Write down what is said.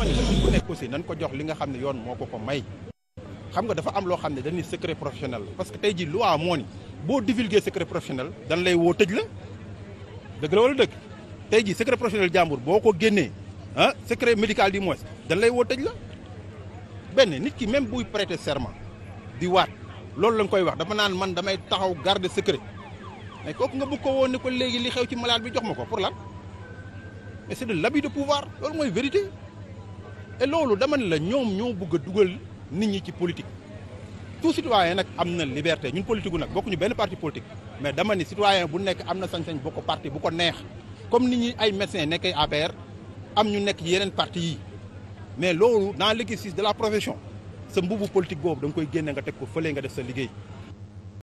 ma ne ku nekk aussi nañ ko jox li nga xam ne yoon moo ko ko may xam nga dafa am loo xam ne dañuy secret professionnel parce que tey jii loi moo ni boo divulguer secret professionnel dañ lay woo tëj la dëgg la wala dëgg tey ji secret professionnel jàmbur boo ko génnee ah secret médical du moins dan lay woo tëj la benn nit ki même buy prêter serment di waat loolu lañ koy wax dafa naan man damay taxaw garde secret mais kooku nga bëgg ko woon ne ko léegi li xew ci malade bi jox ma ko pour lan mais c'est de l'abus de loolu mooy vérité et loolu dama ne la ñoom ñoo bugg a dugal nit ñi ci politique tout citoyen nag am na liberté ñun politique gu nag bokkuñu benn parti politique mais dama ni citoyen bu nekk am na sañ-sañ bokk parti bu ko neex comme nit ñi ay médecins nekkee APR am ñu nekk yeneen parti yi mais loolu dans l'exercice de la profession sa mbubu politique boobu da koy génne nga teg ko fële nga def sa liggéey